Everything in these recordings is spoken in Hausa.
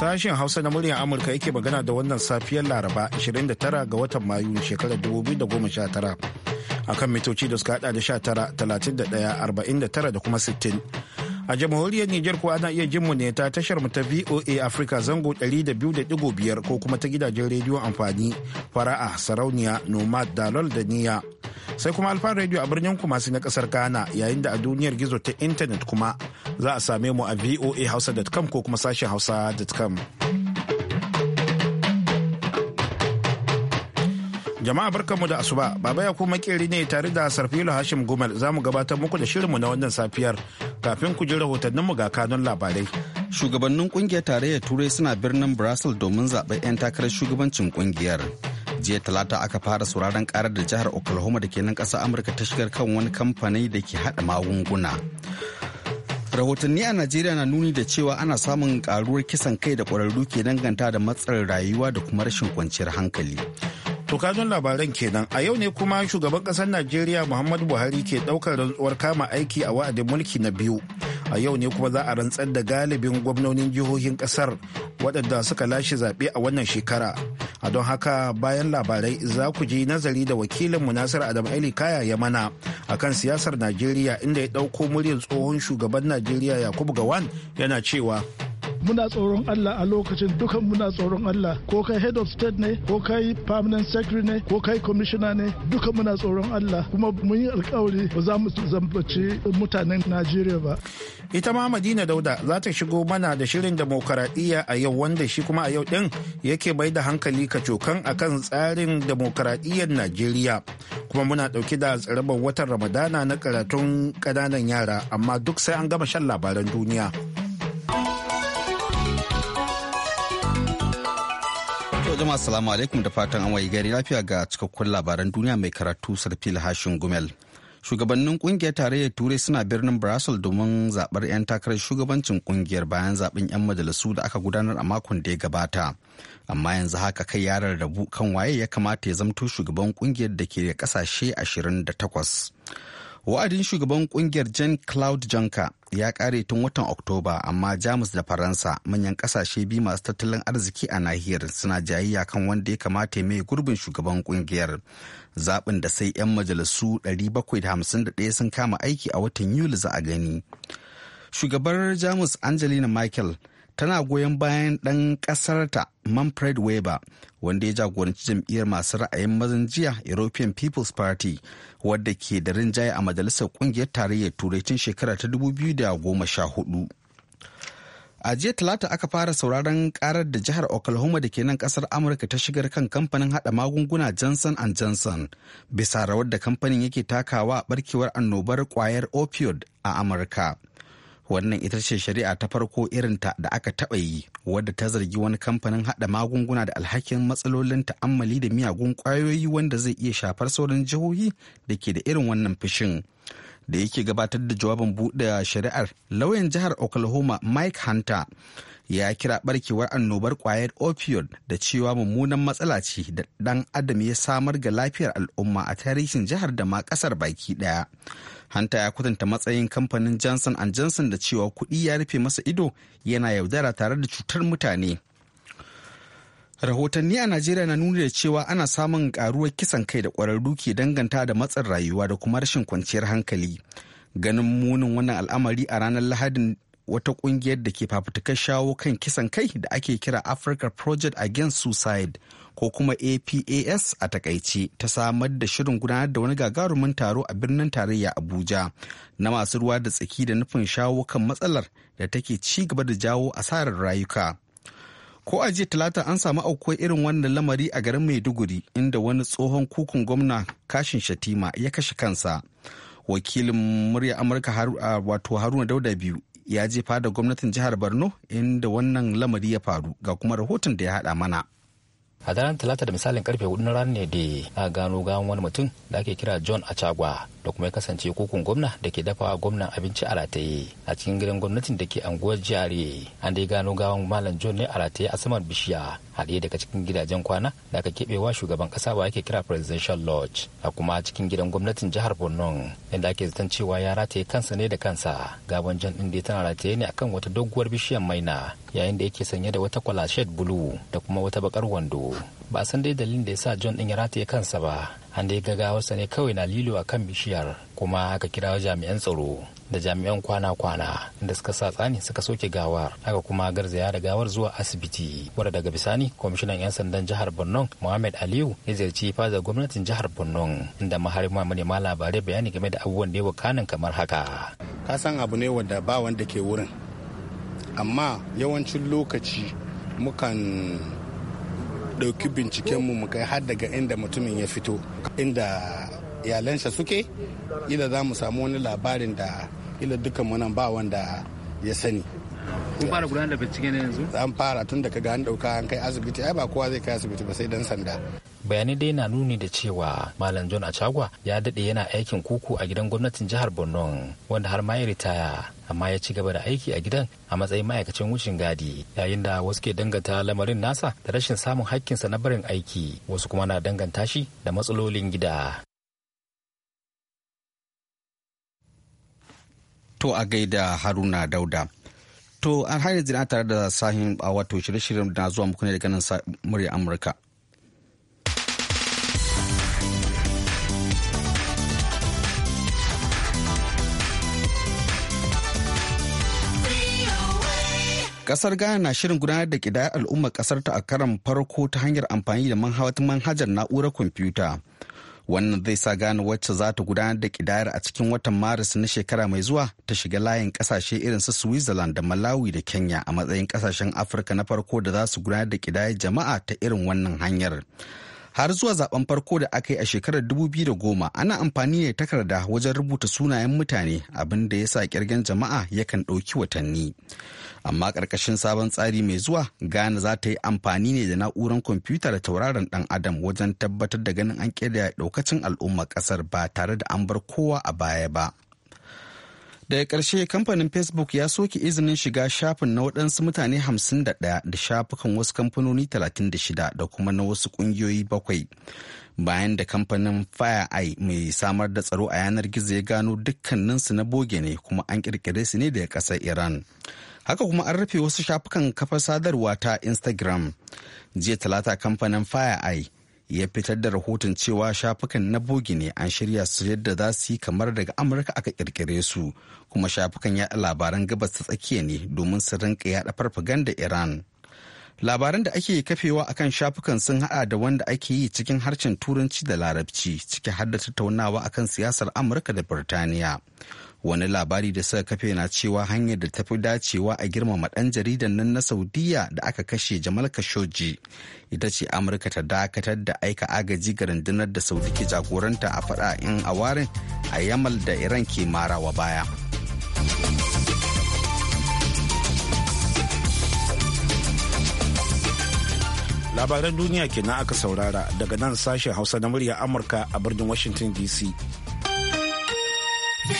Sashen Hausa na muryar Amurka yake magana da wannan safiyar Laraba 29 ga watan Mayu shekarar 2019 akan mitoci da suka hada da 19, 31, 49 da kuma 60. A jamhuriyar Nijar kuwa ana iya jin mu ne ta tashar mu ta VOA Africa zango 200.5 ko kuma ta gidajen rediyon amfani fara'a sarauniya nomad dalol da niya sai kuma alfan radio a birnin kumasi na kasar ghana yayin da a duniyar gizo ta intanet kuma za a same mu a voahausa.com ko kuma sashen hausa.com jama'a barkanmu da asuba baba ya kuma kiri ne tare da sarfilo hashim gumel za mu gabatar muku da shirinmu na wannan safiyar kafin ku ji rahotanninmu ga kanun labarai shugabannin kungiyar tarayyar turai suna birnin brussels domin zaɓen 'yan takarar shugabancin kungiyar jiya talata aka fara sauraron karar da jihar oklahoma da ke nan kasa amurka ta shigar kan wani kamfani da ke hada magunguna rahotanni a najeriya na nuni da cewa ana samun karuwar kisan kai da kwararru ke danganta da matsalar rayuwa da kuma rashin kwanciyar hankali to kazon labaran kenan a yau ne kuma shugaban kasar najeriya muhammadu buhari ke ɗaukar rantsuwar kama aiki a wa'adin mulki na biyu a yau ne kuma za a rantsar da galibin gwamnonin jihohin kasar waɗanda suka lashe zaɓe a wannan shekara a don haka bayan labarai za ku ji nazari da wakilin munasir adam ali kaya ya mana A kan siyasar najeriya inda ya ɗauko muryar tsohon shugaban najeriya yakubu gawan yana cewa muna tsoron Allah a lokacin dukan muna tsoron Allah ko kai head of state ne ko kai permanent secretary ne ko kai commissioner ne duka muna tsoron Allah kuma mun yi alkawari ba za mu zambaci mutanen Najeriya ba. Ita ma Madina Dauda za ta shigo mana da shirin demokaradiyya a yau wanda shi kuma a yau din yake bai da hankali ka kacokan akan tsarin demokaradiyyar Najeriya kuma muna dauke da tsarabar watan Ramadana na karatun kananan yara amma duk sai an gama shan labaran duniya. jama'a assalamu alaikum da fatan an gari lafiya ga cikakkun labaran duniya mai karatu sarfil hashin gumel. Shugabannin kungiyar tarayyar turai suna birnin brasil domin zabar 'yan takarar shugabancin kungiyar bayan zaɓen 'yan majalisu da aka gudanar a makon da ya gabata. Amma yanzu haka kai yarar rarrabu kan waye ya kamata ya zamto shugaban kungiyar da ke da kasashe 28. wa'adin shugaban kungiyar jan claude janka ya kare tun watan oktoba amma jamus da faransa manyan kasashe biyu masu tattalin arziki a nahiyar suna jayayya kan wanda ya kamata mai gurbin shugaban kungiyar zaɓin da sai 'yan majalisu 751 sun kama aiki a watan yuli za a gani shugabar jamus angelina michael tana goyon bayan ɗan ƙasarta manfred weber wanda ya jagoranci jam'iyyar masu ra'ayin mazan jiya european people's party wadda ke da rinjaye a majalisar ƙungiyar tarayyar turai tun shekara ta 2014 a jiya talata aka fara sauraron karar da jihar oklahoma da ke nan kasar amurka ta shigar kan kamfanin hada magunguna johnson johnson bisa rawar da kamfanin yake takawa barkewar annobar kwayar opioid a amurka wannan ita ce shari'a ta farko irin ta da aka taɓa yi wadda ta zargi wani kamfanin haɗa magunguna da alhakin matsalolin ta'ammali da miyagun ƙwayoyi wanda zai iya shafar sauran jihohi da ke da irin wannan fishin da yake gabatar da jawabin buɗe shari'ar lauyan jihar oklahoma mike hunter ya kira barkewar annobar kwayar opioid da cewa mummunan matsala ce da ɗan adam ya samar ga lafiyar al'umma a tarihin jihar da ma ƙasar baki ɗaya hanta ya kwatanta matsayin kamfanin johnson johnson da cewa kuɗi ya rufe masa ido yana yaudara tare da cutar mutane rahotanni a najeriya na nuna da cewa ana samun ƙaruwar kisan kai da kwararru ke danganta da matsin rayuwa da kuma rashin kwanciyar hankali ganin munin wannan al'amari a ranar lahadin wata kungiyar da ke fafutukar shawo kan kisan kai da ake kira Africa Project Against Suicide ko kuma APAS a takaici ta samar da shirin gudanar da wani gagarumin taro a birnin tarayya Abuja na masu ruwa da tsaki da nufin shawo kan matsalar da take ci gaba da jawo asarar rayuka. ko a jiya talata an samu aukuwar irin wannan lamari a garin maiduguri inda wani tsohon kukun gwamna kashin shatima ya kashe kansa wakilin murya amurka wato haruna dauda biyu ya jefa da gwamnatin jihar borno inda wannan lamari ya faru ga kuma rahoton da ya hada mana a daren talata da misalin karfe hudu na rana ne da a gano gawan wani mutum da ake kira john achagua da kuma ya kasance kokon gwamna da ke dafawa gwamnan abinci a rataye a cikin gidan gwamnatin da ke anguwar jare an dai gano gawan malam john ne a rataye a saman bishiya haɗe daga cikin gidajen kwana da aka keɓewa shugaban ƙasa ba yake kira presidential lodge a kuma cikin gidan gwamnatin jihar borno inda ake zaton cewa ya rataye kansa ne da kansa gawan john ɗin dai tana rataye ne akan wata doguwar bishiyar maina yayin da yake sanye da wata kwalashed bulu da kuma wata bakar wando ba san dai dalilin da ya sa john din ya rataye kansa ba an dai gaga wasa ne kawai na lilo a kan bishiyar kuma aka kira jami'an tsaro da jami'an kwana-kwana da suka sa tsani suka soke gawar aka kuma garzaya da gawar zuwa asibiti wadda daga bisani kwamishinan 'yan sandan jihar borno muhammad aliyu ya ziyarci faza gwamnatin jihar borno inda maharima manema labarai bayani game da abubuwan da ya kanin kamar haka ka san abu ne wadda ba wanda ke wurin amma yawancin lokaci mukan ɗauki bincikenmu mu kai har daga inda mutumin ya fito inda iyalansa suke ila za mu samu wani labarin da ila dukkan munan ba wanda ya sani kun fara gudanar da bincike ne yanzu an fara tun da ga an dauka an kai asibiti ai ba kowa zai kai asibiti ba sai dan sanda bayanai dai na nuni da cewa malam john achagua ya dade yana aikin kuku a gidan gwamnatin jihar borno wanda har ma ya ritaya amma ya ci gaba da aiki a gidan a matsayin ma'aikacin wucin gadi yayin da wasu ke danganta lamarin nasa da rashin samun hakkinsa na barin aiki wasu kuma na danganta shi da matsalolin gida to a gaida haruna dauda to an hanyar zina tare da sahin a wato shirye-shiryen na zuwa muku ne daga nan murya amurka Kasar Ghana na shirin gudanar da kidayar al'ummar kasar ta a karan farko ta hanyar amfani da manhajar na'urar kwamfuta. Wannan zai sa Ghana wacce za ta gudanar da kidayar a cikin watan Maris na shekara mai zuwa ta shiga layin kasashe irin su Switzerland da Malawi da Kenya a matsayin kasashen Afirka na farko da za su gudanar da kidayar jama'a ta irin wannan hanyar. har zuwa zaben farko da aka yi a shekarar 2010 ana amfani da takarda wajen rubuta sunayen mutane abin da ya sa kirgen jama'a yakan ɗauki watanni amma ƙarƙashin sabon tsari mai zuwa ghana za ta yi amfani ne da na'urar kwamfuta da tauraron ɗan adam wajen tabbatar da ganin an ƙirya ɗaukacin al'ummar ƙasar ba tare da an bar kowa a baya ba. daga ƙarshe kamfanin facebook ya soke izinin shiga shafin na waɗansu mutane 51 da shafukan wasu kamfanoni 36 da kuma na wasu ƙungiyoyi bakwai bayan da kamfanin fireeye mai samar da tsaro a yanar gizo ya gano dukkaninsu na boge ne kuma an ƙirƙire su ne daga ƙasar iran haka kuma an rufe wasu shafukan kafar sadarwa ta instagram jiya talata kamfanin fireeye ya fitar da rahoton cewa shafukan na bogi ne an shirya su yadda za su yi kamar daga amurka aka kirkire su kuma shafukan yaɗa labaran gabas ta tsakiya ne domin su rinka yaɗa farfaganda iran labaran da ake kafewa akan shafukan sun hada da wanda ake yi cikin harshen turanci da larabci ciki har da tattaunawa akan siyasar amurka da birtaniya wani labari da suka kafe na cewa hanyar da tafi dacewa a girmama dan jaridan nan na saudiya da aka kashe jamal khashoggi ita ce amurka ta dakatar da aika agaji ga rundunar da saudi ke jagoranta a fada in a warin a yamal da iran ke marawa baya labaran duniya kenan aka saurara daga nan sashen hausa na murya amurka a birnin washington dc To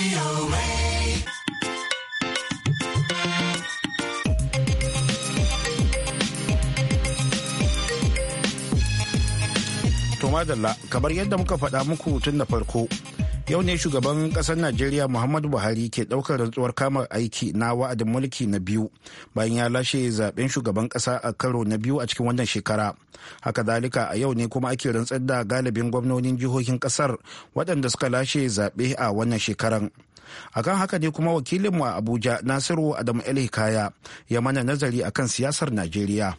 madalla kamar yadda muka faɗa muku tun da farko yau ne shugaban kasar najeriya muhammadu buhari ke daukar rantsuwar kamar aiki na wa'adin mulki na biyu bayan ya lashe zaben shugaban kasa a karo na biyu a cikin wannan shekara haka dalika a yau ne kuma ake rantsar da galibin gwamnonin jihohin kasar waɗanda suka lashe zaɓe a wannan shekaran akan haka ne kuma wakilinmu a abuja nasiru adamu el hikaya ya mana nazari akan siyasar najeriya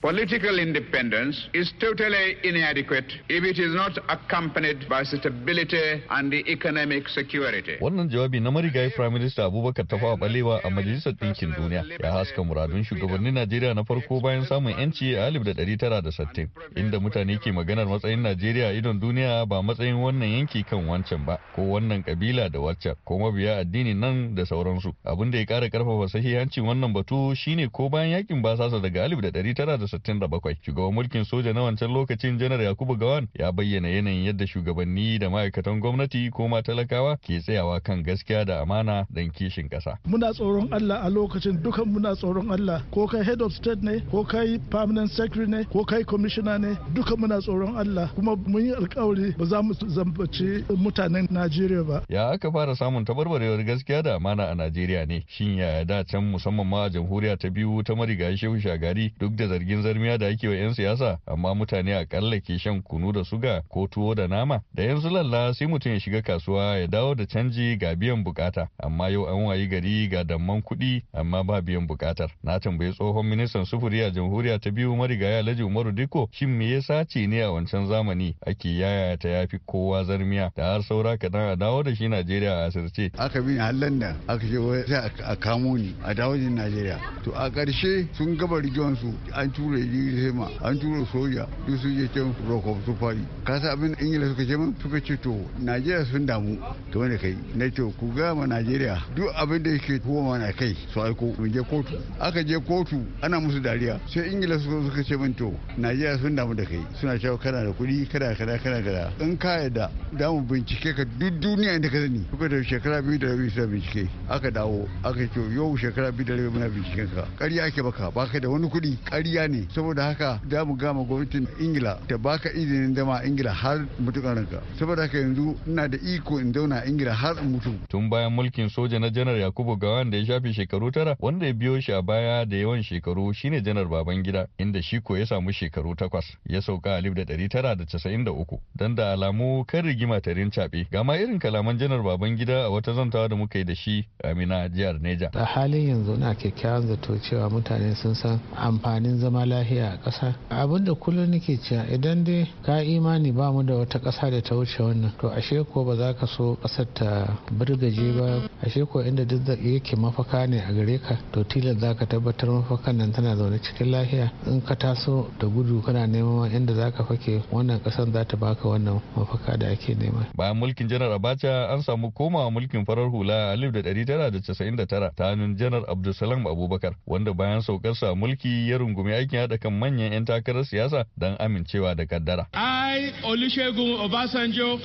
Political independence is totally inadequate if it is not accompanied by stability and the economic security. Wannan jawabi na marigayi Prime Minister Abubakar fawa Balewa a Majalisar Ɗinkin Duniya ya haska muradun shugabannin Najeriya na farko bayan samun yanci a 1960 inda mutane ke maganar matsayin Najeriya idon duniya ba matsayin wannan yanki kan wancan ba ko wannan kabila da waccan ko mabiya addini nan da sauransu. Abin da ya ƙara ƙarfafa sahihancin wannan batu shine ko bayan yakin basasa daga 1960 1967 shugaban mulkin soja na wancan lokacin janar yakubu gawan ya bayyana yanayin yadda shugabanni da ma'aikatan gwamnati ko ma talakawa ke tsayawa kan gaskiya da amana don kishin kasa. muna tsoron allah a lokacin dukan muna tsoron allah ko kai head of state ne ko kai permanent secretary ne ko kai commissioner ne dukan muna tsoron allah kuma mun yi alkawari ba za mu zambaci mutanen najeriya ba ya aka fara samun tabarbarewar gaskiya da amana a najeriya ne shin yaya da can musamman ma jamhuriya ta biyu ta marigayi shehu shagari duk da zargin cikin zarmiya da ake wa 'yan siyasa amma mutane akalla ke shan kunu da suga ko tuwo da nama da yanzu lalla sai mutum ya shiga kasuwa ya dawo da canji ga biyan bukata amma yau an wayi gari ga damman kuɗi amma ba biyan bukatar na tambayi tsohon ministan sufuri a jamhuriya ta biyu marigaya alhaji umaru diko shin me yasa ce ne a wancan zamani ake yaya ta yafi kowa zarmiya da har saura kaɗan a dawo da shi najeriya a asirce aka bi hallan da aka ce sai a kamo ni a dawo da najeriya to a karshe sun gaba rigiyon su an tura tura jirgin sama an tura soja duk sun je can rokof su fari ka sa abin ingila suka ce mun suka ce to najeriya sun damu to wanda kai na ce ku ga ma najeriya duk abin da yake koma na kai su aiko mun je kotu aka je kotu ana musu dariya sai ingila suka ce mun to najeriya sun damu da kai suna cewa kana da kuɗi kana kana kana kana in ka yadda da mu bincike ka duk duniya inda ka sani kuka da shekara biyu da rabi suna bincike aka dawo aka ce yau shekara biyu da rabi muna binciken ka ƙarya ake baka baka da wani kuɗi ƙarya ne saboda haka da mu gama gwamnatin ingila ta baka izinin zama ingila har mutukan ranka saboda haka yanzu ina da iko in zauna ingila har in mutu tun bayan mulkin soja na janar yakubu gawan da ya shafi shekaru tara wanda ya biyo shi a baya da yawan shekaru shine janar babangida inda shi ko ya samu shekaru takwas ya sauka alif da ɗari tara da casa'in da uku don da alamu kan rigima tarin cabe ga irin kalaman janar babangida a wata zantawa da muka yi da shi amina jihar neja a halin yanzu na kyakkyawan zato cewa mutane sun san amfanin zama lahiya a ƙasa abin da kullum nake cewa idan dai ka imani ba mu da wata ƙasa da ta wuce wannan to ashe ko ba za ka so ƙasar ta birgaje ba ashe ko inda duk yake mafaka ne a gare ka to tilas za ka tabbatar mafakan nan tana zaune cikin lahiya in ka taso da gudu kana neman inda za ka fake wannan ƙasar za ta baka wannan mafaka da ake nema. bayan mulkin janar abacha an samu komawa mulkin farar hula a 1999 ta hannun janar abdulsalam abubakar wanda bayan saukarsa mulki ya rungumi aikin ya haɗa kan manyan 'yan takarar siyasa don amincewa da kaddara. I Olusegun Obasanjo.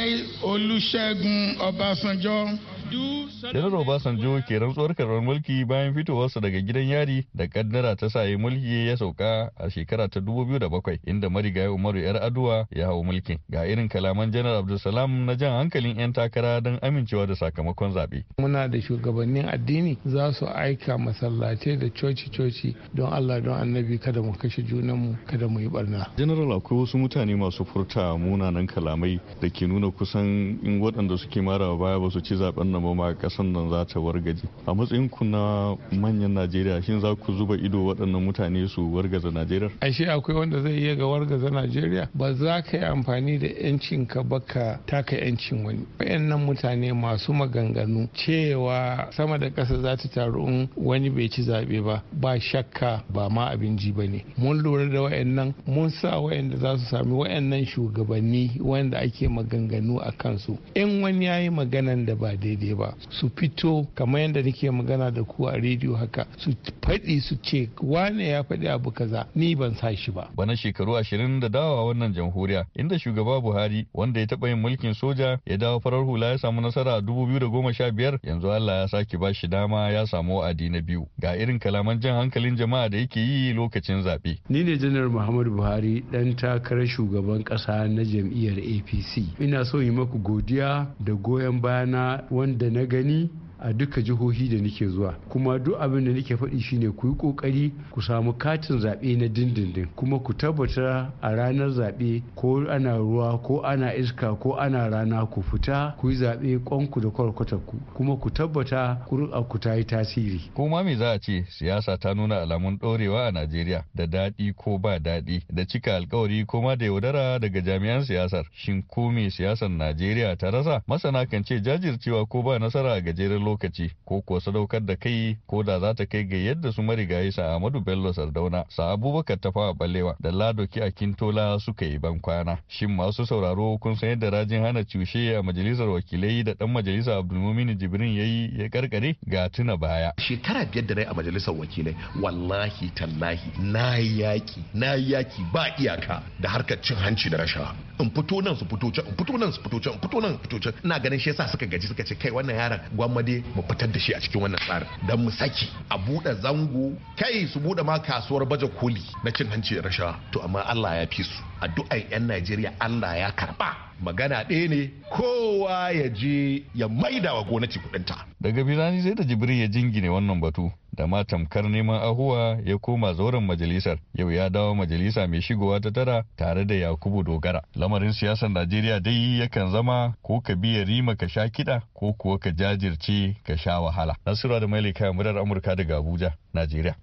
I Olusegun Obasanjo. Janar Obasanjo ke rantsuwar karar mulki bayan fitowarsa daga gidan yari da kaddara ta yi mulki ya sauka a shekara ta 2007 inda marigayi Umaru yar aduwa ya hau mulkin. Ga irin kalaman Janar Abdulsalam na jan hankalin 'yan takara don amincewa da sakamakon zaɓe. Muna da shugabannin addini za su aika masallatai da coci-coci don Allah don annabi kada mu kashe junanmu kada mu yi barna. General akwai wasu mutane masu furta munanan kalamai da ke nuna kusan in waɗanda suke mara baya ba su ci zaben na ma kasan nan za ta wargaje a matsayin ku na manyan najeriya shin za ku zuba ido waɗannan mutane su wargaza najeriya ashe akwai wanda zai iya ga wargaza najeriya ba za ka yi amfani da yancin ka ba ka taka yancin wani wayannan mutane masu maganganu cewa sama da ƙasa za ta taru in wani bai ci zaɓe ba ba shakka ba ma abin ji ba ne mun lura da wayannan mun sa wayanda za su sami wayannan shugabanni wanda ake maganganu a kansu in wani ya yi maganan da ba daidai daidai ba su fito kamar yadda nake magana da ku a rediyo haka su faɗi su ce wane ya faɗi abu kaza ni ban sa shi ba bana shekaru ashirin da dawa wannan jamhuriya inda shugaba buhari wanda ya taɓa yin mulkin soja ya dawo farar hula ya samu nasara a dubu biyu da goma sha biyar yanzu allah ya sake ba shi dama ya samu wa'adi na biyu ga irin kalaman jan hankalin jama'a da yake yi lokacin zaɓe ni ne janar muhammadu buhari dan takarar shugaban ƙasa na jam'iyyar apc ina so yi maku godiya da goyon bayana wanda da na gani a duka jihohi da nake zuwa kuma duk abin da nake faɗi shine ku yi ƙoƙari ku samu katin zaɓe na dindindin kuma ku tabbata a ranar zaɓe ko ana ruwa ko ana iska ko ana rana ku fita ku yi zaɓe kwanku da kwarkwatar ku kuma ku tabbata ƙuri'a ku ta yi tasiri. ko ma me za a ce siyasa ta nuna alamun ɗorewa a najeriya da daɗi ko ba daɗi da cika alkawari ko ma da yaudara daga jami'an siyasar shin ko me siyasar najeriya ta rasa masana kan ce jajircewa ko ba nasara a gajeren lokaci ko kuwa sadaukar da kai ko da za ta kai ga yadda su marigayi sa Ahmadu Bello Sardauna sa Abubakar Tafawa Balewa da Ladoki Akintola suka yi ban kwana shin masu sauraro kun san yadda rajin hana cushe a majalisar wakilai da dan majalisa Abdulmumin Jibrin yayi ya karkare ga tuna baya shekara biyar da nayi a majalisar wakilai wallahi tallahi na yaki na yaki ba iyaka da harkar cin hanci da rashawa in fito nan su fito can in fito nan su fito can in fito nan fito can ina ganin shi yasa suka gaji suka ce kai wannan yaran gwamnati mu fitar da shi a cikin wannan tsarin don mu saki a buɗe zango kai su buɗe ma kasuwar baje koli na cin hanci da rashawa to amma Allah ya fi su addu'ar 'yan Najeriya Allah ya karba magana ɗaya ne kowa ya je ya maida wa gwamnati kudinta. Daga birani sai da Jibril ya jingine wannan batu da ma tamkar neman ahuwa ya koma zauren majalisar yau ya dawo majalisa mai shigowa ta tara tare da yakubu dogara lamarin siyasar najeriya dai yakan zama ko ka biya rima ka sha kiɗa ko kuwa ka jajirce ka sha wahala nasura da mailika murar amurka daga abuja najeriya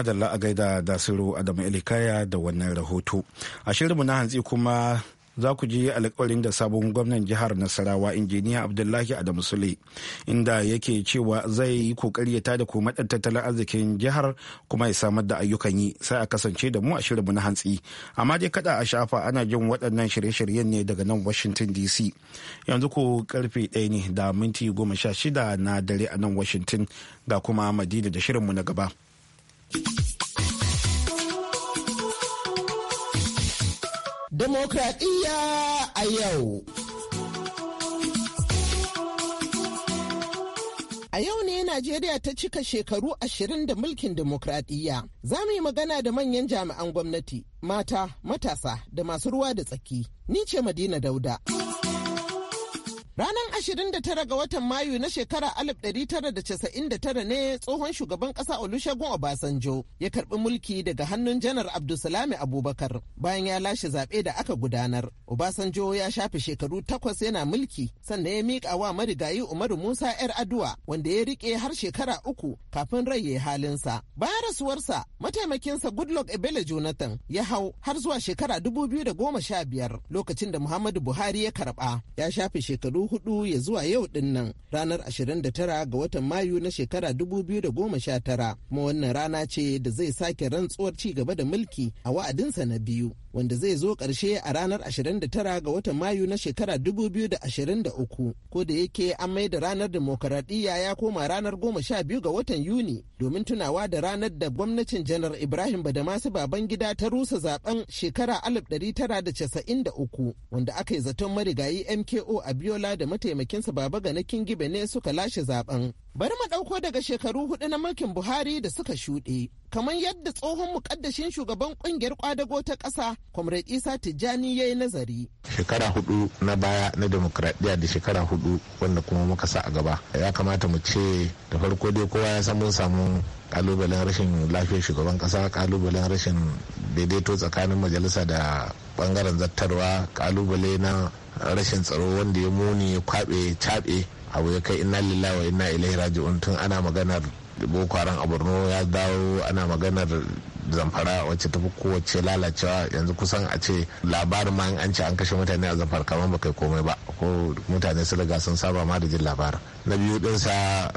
da a gaida dasiru adamu ilikaya da wannan rahoto a shirinmu na hantsi kuma za ku ji alƙawarin da sabon gwamnan jihar nasarawa injiniya abdullahi adamu sule inda yake cewa zai yi kokari ya tada komadar tattalin arzikin jihar kuma ya samar da ayyukan yi sai a kasance da mu a shirinmu na hantsi amma dai kada a shafa ana jin waɗannan shirye-shiryen ne daga nan washington dc yanzu ko karfe ɗaya ne da minti goma sha shida na dare a nan washington ga kuma madina da shirinmu na gaba. Demokradiyya a yau. A yau ne Najeriya ta cika shekaru ashirin da mulkin demokradiyya. Za mu yi magana da manyan jami'an gwamnati, mata, matasa da masu ruwa da tsaki. Ni ce Madina Dauda. Ranar 29 ga watan Mayu na shekarar 1999 ne tsohon shugaban ƙasa Olusegun Obasanjo ya karɓi mulki daga hannun janar Abdulsalami Abubakar bayan ya lashe zaɓe da aka gudanar. Obasanjo ya shafe shekaru takwas yana mulki sannan ya miƙa wa marigayi Umaru Musa 'yar Aduwa wanda ya riƙe har shekara uku kafin rai ya halinsa. Bayan rasuwarsa mataimakinsa Goodluck Ebele Jonathan ya hau har zuwa shekara 2015 lokacin da Muhammadu Buhari ya karɓa ya shafe shekaru shekaru hudu ya zuwa yau din nan ranar 29 ga watan mayu na shekara 2019 kuma wannan rana ce da zai sake rantsuwar ci gaba da mulki a wa'adinsa na biyu wanda zai zo ƙarshe a ranar 29 ga watan Mayu na shekara 2023 ko da yake an mai da ranar demokaradiyya ya koma ranar 12 ga watan Yuni domin tunawa da ranar da gwamnatin janar Ibrahim Badamasu gida ta rusa zaben shekara 1993 wanda aka yi zaton marigayi MKO Abiola da mataimakinsa Baba Gana Kingibe ne suka lashe zaben. Bari mu ɗauko daga shekaru hudu na mulkin Buhari da suka shuɗe. Kamar yadda tsohon mukaddashin shugaban ƙungiyar kwadago ta ƙasa Comrade Isa tijani ya yi nazari. Shekara hudu na baya na demokradiyya da shekara hudu wanda kuma muka sa a gaba. Ya kamata mu ce da farko dai kowa ya san mun samu kalubalen rashin lafiyar shugaban kasa kalubalen rashin daidaito tsakanin majalisa da bangaren zattarwa kalubale na rashin tsaro wanda ya muni ya kwabe caɓe. abu ya kai inna lillahi wa inna ilaihi raji'un tun ana maganar boko haram a borno ya dawo ana maganar zamfara wacce tafi kowace lalacewa yanzu kusan a ce labarin ma an ce an kashe mutane a zamfara kamar ba kai komai ba ko mutane su riga sun saba ma da jin labarin na biyu dinsa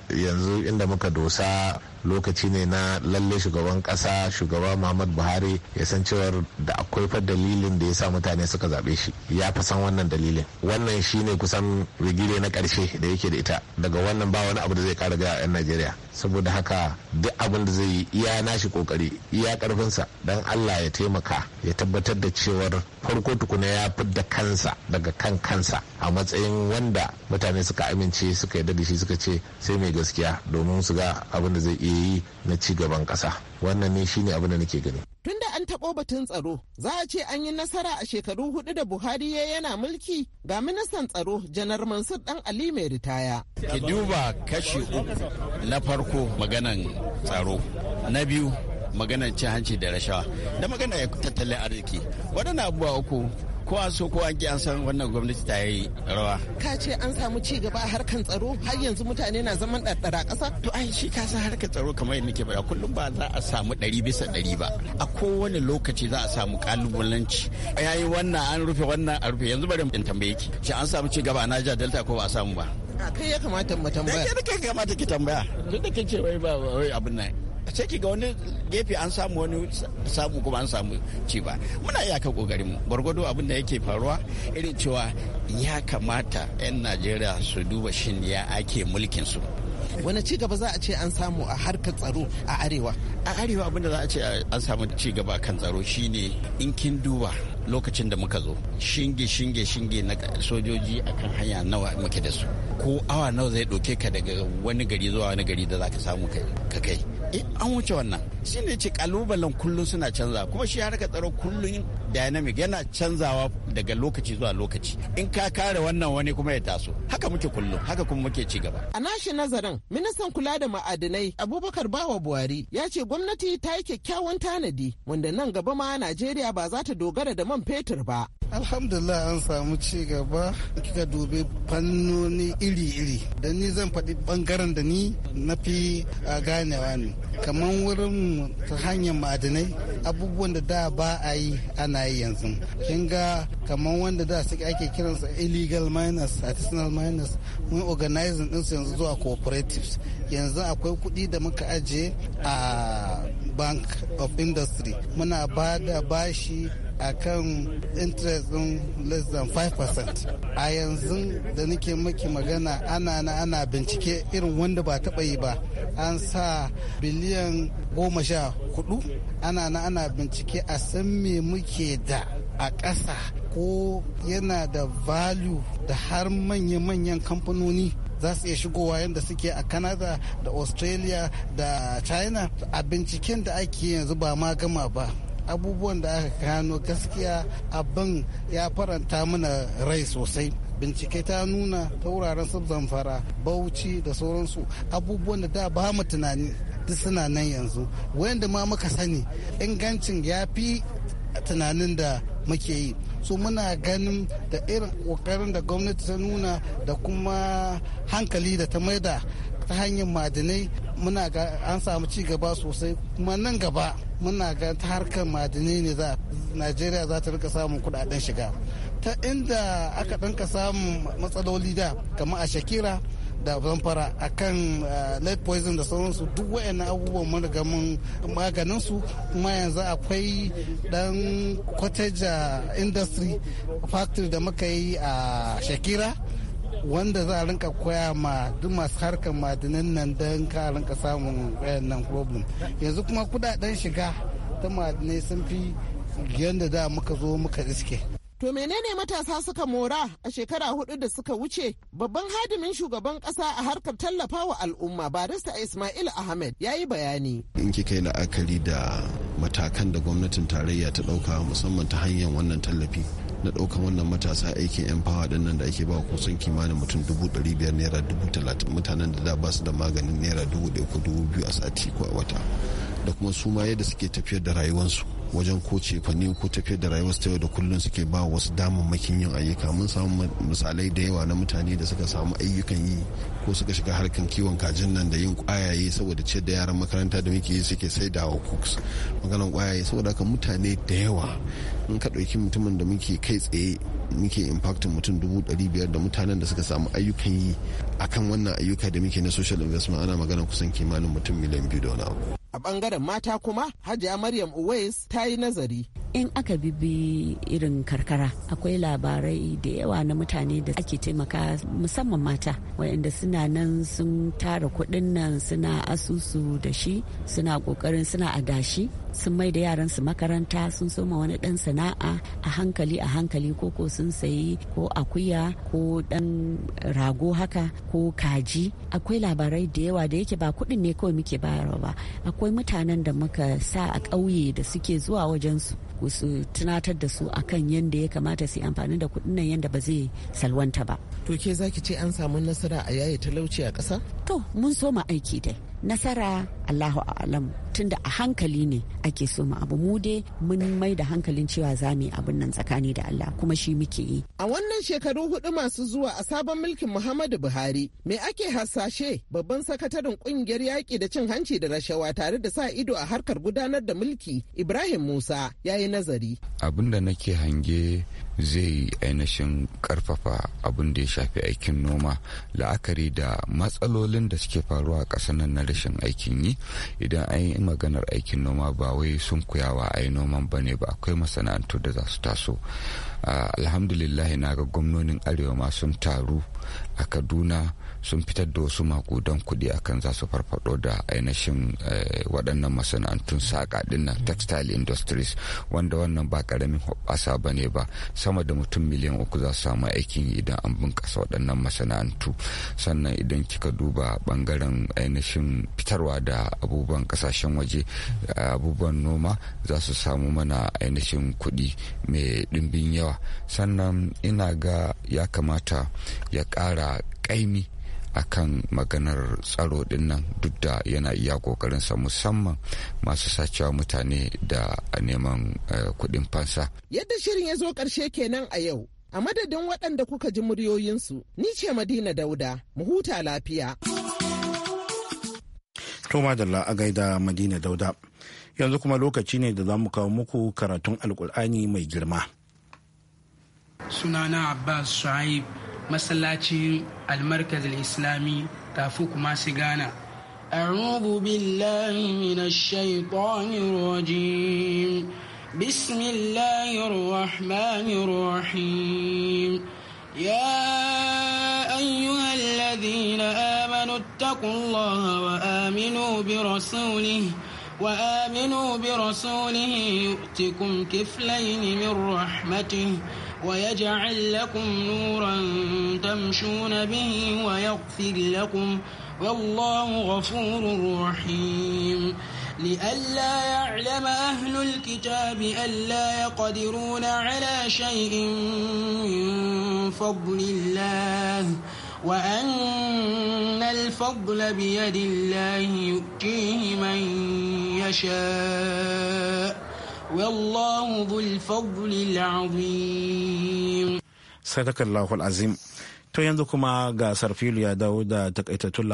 yanzu inda muka dosa lokaci ne na lalle shugaban kasa shugaba muhammad buhari ya san cewar da akwai fa dalilin da ya sa mutane suka zaɓe shi ya fi san wannan dalilin wannan shi ne kusan rigile na ƙarshe da yake da ita daga wannan ba wani abu da zai ƙara a 'yan najeriya saboda haka duk abin da zai yi iya nashi kokari iya karfinsa don allah ya taimaka ya tabbatar da cewar farko tukuna ya fidda kansa daga kan kansa a matsayin wanda mutane suka amince suka yi da shi suka ce sai mai gaskiya domin su ga abin da zai iya yi na ci gaban ƙasa wannan ne shine abin da nake gani tunda an taɓo batun tsaro za a ce an yi nasara a shekaru hudu da buhari ya yana mulki ga ministan tsaro janar mansur dan ali mai ritaya ki duba kashi uku na farko maganan tsaro na biyu maganan cin hanci da rashawa da ya tattalin arziki waɗannan abubuwa uku ko an so ko an ki an san wannan gwamnati ta yi rawa ka ce an samu ci gaba a harkar tsaro har yanzu mutane na zaman ɗaɗɗara ƙasa to ai shi ka san harkar tsaro kamar yadda nake faɗa kullum ba za a samu ɗari bisa ɗari ba a kowane lokaci za a samu ƙalubalanci yayi wannan an rufe wannan a rufe yanzu bari in tambaye ki shi an samu ci gaba a Niger Delta ko ba a samu ba a kai ya kamata mu tambaya da kai ya kamata ki tambaya duk da ce wai ba wai abin nan Ace ki ga wani gefe an samu wani samu kuma an samu ci ba muna iyakar kokarin mu gwargwado abin da yake faruwa irin cewa ya kamata 'yan najeriya su duba shin ya ake mulkin su wani ci gaba za a ce an samu a harkar tsaro a arewa a arewa abin da za a ce an samu ci gaba kan tsaro shine in kin duba lokacin da muka zo shinge shinge shinge na sojoji akan hanya nawa muke da su ko awa nawa zai ɗauke ka daga wani gari zuwa wani gari da za ka samu ka kai eh an wuce wannan shi ne ce kalubalen kullum suna canza kuma shi rika tsaro kullum dynamic yana canzawa daga lokaci zuwa lokaci in ka kare wannan wani kuma ya taso haka muke kullum haka kuma muke ci gaba a nashi nazarin ministan kula da ma'adinai abubakar bawa buhari ya ce gwamnati ta yi kyakkyawan tanadi wanda nan gaba ma najeriya ba za ta dogara da man fetur ba alhamdulillah an samu ci gaba kika dubi fannoni iri-iri da ni zan faɗi bangaren da ni na fi ganewa ne kamar wurin mu ta hanyar ma'adinai abubuwan da da ba a yi ana yi yanzu kin ga kamar wanda da su ake kiransa illegal miners artisanal miners mun organizing ɗinsu yanzu zuwa cooperatives yanzu akwai kuɗi da muka ajiye a bank of industry muna ba da bashi a kan interest ɗin less than 5% a yanzu da nake maki magana ana na ana bincike irin wanda ba taɓa yi ba an sa biliyan goma sha hudu ana na ana bincike a san me muke da a ƙasa ko yana da value da har manya-manyan kamfanoni za su iya shigowa yadda suke a canada da australia da china a binciken da ake yanzu ba ma gama ba abubuwan da aka gano gaskiya abin ya faranta mana rai sosai bincike ta nuna ta wuraren su zamfara bauchi da sauransu abubuwan da da ba mu tunani duk suna nan yanzu wanda ma muka sani ingancin ya fi tunanin da muke yi so muna ganin da irin kokarin da gwamnati ta nuna da kuma hankali da ta maida ta hanyar madinai muna an samu ci gaba sosai kuma nan gaba muna ga ta harkar madinai ne za najeriya za ta rika samun kudaden shiga ta inda aka ɗanka samun matsaloli da kamar a shakira da zamfara a kan eh, lead poison da sauransu duk wayannan abubuwan mun riga mun maganin kuma yanzu akwai dan cottage eh, industry factory da muka yi a shakira wanda za a rinka koya ma duk masu harkar madinan nan don ka rinka samun nan problem yanzu kuma kudaden shiga ta madinai sun fi yadda da muka zo muka iske To menene matasa suka mora a shekara hudu da suka wuce? Babban hadimin shugaban kasa a harkar tallafawa al'umma barista Ismail Ahmed ya yi bayani. In kika yi la'akari da matakan da gwamnatin tarayya ta ɗauka musamman ta hanyar wannan tallafi na ɗaukan wannan matasa aikin yan fawa ɗin nan da ake ba kusan kimanin mutum dubu ɗari biyar naira dubu talatin mutanen da da ba su da maganin naira dubu ɗaya ko dubu biyu a sati ko a wata da kuma su ma yadda suke tafiyar da rayuwarsu wajen ko cefane ko tafiyar da rayuwarsu ta yau da kullum suke ba wasu damammakin yin ayyuka mun samu misalai da yawa na mutane da suka samu ayyukan yi ko suka shiga harkan kiwon kajin nan da yin kwayaye saboda ce da yaran makaranta da muke yi suke sai da wa cooks maganan kwayaye saboda haka mutane da yawa in ka ɗauki mutumin da muke kai tsaye muke impactin mutum dubu ɗari biyar da mutanen da suka samu ayyukan yi akan wannan ayyuka da muke na social investment ana magana kusan kimanin mutum miliyan biyu da wani abu a bangaren mata kuma hajiya maryam uwais ta yi nazari in aka bibi irin karkara akwai labarai da yawa na mutane da ake taimaka musamman mata wayanda suna nan sun tara kuɗin nan suna asusu da shi suna ƙoƙarin suna adashi sun mai da yaran su makaranta sun soma wani dan sana'a a hankali a hankali ko ko sun sayi ko akuya ko dan rago haka ko kaji akwai labarai da yawa da yake ba kudin ne kawai muke bayarwa ba akwai mutanen da muka sa a ƙauye da suke zuwa wajen su su tunatar da su akan yadda ya kamata su amfani da kuɗin nan yanda ba zai salwanta ba. To ke zaki ce an samu nasara a yaye talauci a ƙasa? To mun soma aiki dai. nasara allahu alam tunda a hankali ne ake so mu abu mu dai mun mai da hankalin cewa za mu yi abin nan tsakani da allah kuma shi muke yi a wannan shekaru hudu masu zuwa a sabon mulkin muhammadu buhari me ake hasashe babban sakataren kungiyar yaƙi da cin hanci da rashawa tare da sa ido a harkar gudanar da mulki ibrahim musa ya yi nazari abin da nake hange zai ainihin karfafa abin da ya shafi aikin noma la'akari da matsalolin da suke faruwa a ƙasar nan na rashin aikin yi idan an yi maganar aikin noma ba wai sun kuyawa a yi noman ba ne ba akwai masana'antu da za su taso ah, alhamdulillah na ga gwamnonin arewa ma sun taru a kaduna sun fitar da wasu makudan kuɗi akan za su farfado da ainihin eh, waɗannan masana'antun saƙa dinnan textile industries wanda wannan ba ƙaramin hoɓɓasa ba ne ba sama da mutum miliyan uku za su samu aikin idan an bunƙasa waɗannan masana'antu sannan idan kika duba ɓangaren ainihin fitarwa da abubuwan ƙasashen waje abubuwan noma za su samu mana ainihin kuɗi mai ɗimbin yawa sannan ina ga ya kamata ya ƙara ƙaimi a kan maganar tsaro dinnan duk da yana iya kokarinsa musamman masu sacewa mutane da neman eh, kuɗin fansa. Yadda shirin ya zo ƙarshe kenan a yau, a madadin waɗanda kuka ji muryoyinsu, ni ce Madina Dauda, mu huta lafiya. Toma da a gaida Madina Dauda. Yanzu kuma lokaci ne da za mu kawo muku karatun Alƙul'ani mai girma. Sunana Abbas Shu'aib masallacin almarkaz islami tafi kuma su gana أعوذ بالله من الشيطان الرجيم بسم الله الرحمن الرحيم يا أيها الذين آمنوا اتقوا الله وآمنوا برسوله وآمنوا برسوله يؤتكم كفلين من رحمته ويجعل لكم نورا تمشون به ويغفر لكم والله غفور رحيم لئلا يعلم أهل الكتاب ألا يقدرون على شيء من فضل الله وأن الفضل بيد الله يؤتيه من يشاء والله ذو الفضل العظيم صدق الله العظيم تو ينذكما غاسر gasar filu ya dawo da takaitattun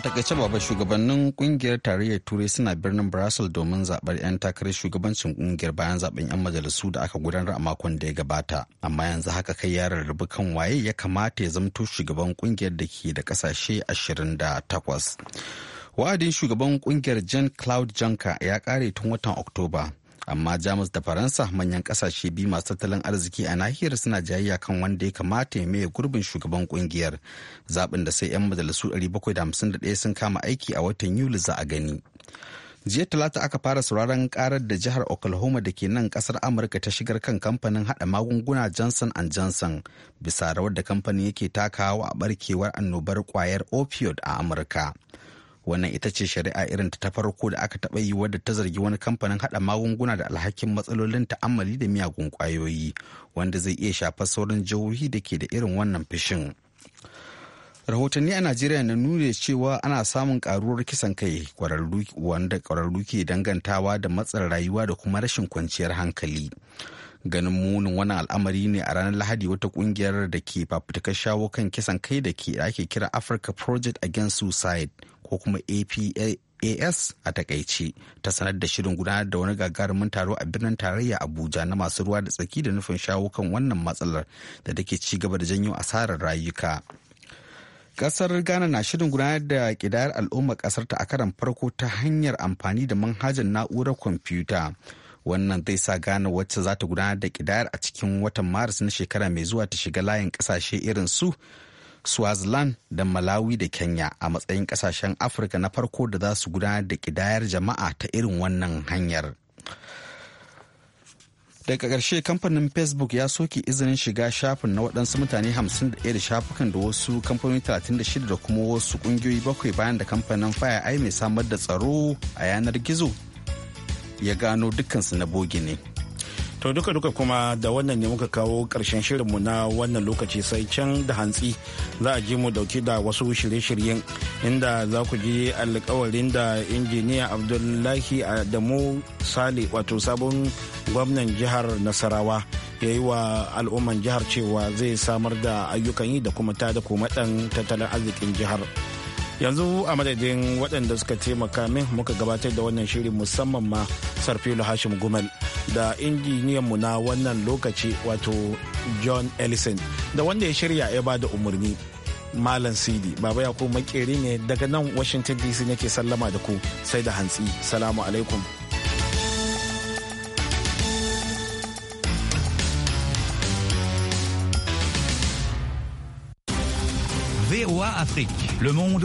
ta kai baba shugabannin kungiyar tarayyar turai suna birnin Brussels domin zaɓar 'yan takarar shugabancin kungiyar bayan zaɓen 'yan majalisu da aka gudanar a makon da ya gabata. Amma yanzu haka kai ya rarrabu kan waye ya kamata ya zamto shugaban kungiyar da ke da ƙasashe 28. Wa'adin shugaban kungiyar jan Claude Juncker ya ƙare tun watan Oktoba. amma jamus da faransa manyan kasashe biyu masu tattalin arziki a nahiyar suna jayayya kan wanda ya kamata ya maye gurbin shugaban kungiyar zaɓin da sai 'yan majalisu 751 sun kama aiki a watan yuli za a gani jiya talata aka fara sauraron karar da jihar oklahoma da ke nan kasar amurka ta shigar kan kamfanin hada magunguna johnson johnson bisa rawar da kamfanin yake takawa a barkewar annobar kwayar opioid a amurka wannan ita ce shari'a irin ta farko da aka taɓa yi wadda ta zargi wani kamfanin haɗa magunguna da alhakin matsalolin ta'ammali da miyagun kwayoyi wanda zai iya shafar sauran jihohi da ke da irin wannan fishin rahotanni a najeriya na nuna cewa ana samun karuwar kisan kai wanda kwararru ke dangantawa da matsin rayuwa da kuma rashin kwanciyar hankali ganin munin wannan al'amari ne a ranar lahadi wata kungiyar da ke fafutukar shawo kan kisan kai da ke ake kira africa project against suicide ko kuma apas a takaice ta sanar da shirin gudanar da wani gagarumin taro a birnin tarayya abuja na masu ruwa da tsaki da nufin shawo kan wannan matsalar da take ci gaba da janyo asarar rayuka kasar ghana na shirin gudanar da kidayar al'ummar kasar ta a karan farko ta hanyar amfani da manhajar na'urar kwamfuta wannan zai sa gane wacce za ta gudanar da kidayar a cikin watan maris na shekara mai zuwa ta shiga layin kasashe irin su swaziland da malawi da kenya a matsayin kasashen afirka na farko da za su gudanar da kidayar jama'a ta irin wannan hanyar daga ƙarshe kamfanin facebook ya soke izinin shiga shafin na waɗansu mutane 51 da shafukan da wasu kamfanoni 36 da kuma wasu ƙungiyoyi bakwai bayan da kamfanin fire mai samar da tsaro a yanar gizo ya gano dukkansu na bogi ne to duka duka kuma da wannan ne muka kawo karshen shirinmu na wannan lokaci sai can da hantsi za a ji mu dauki da wasu shirye-shiryen inda za ku ji alkawarin da injiniya abdullahi adamu sale wato sabon gwamnan jihar nasarawa ya yi wa al'umman jihar cewa zai samar da ayyukan yi da kuma tada komaɗan tattalin arzikin jihar. yanzu a madadin waɗanda suka taimaka min muka gabatar da wannan shiri musamman ma sarfilo hashim gumel da mu na wannan lokaci wato john ellison da wanda ya shirya ya ba da umarni malam sidi baba ya ko makeri ne daga nan washington dc nake sallama da ku sai da hantsi salamu alaikum VOA Afrique. Le monde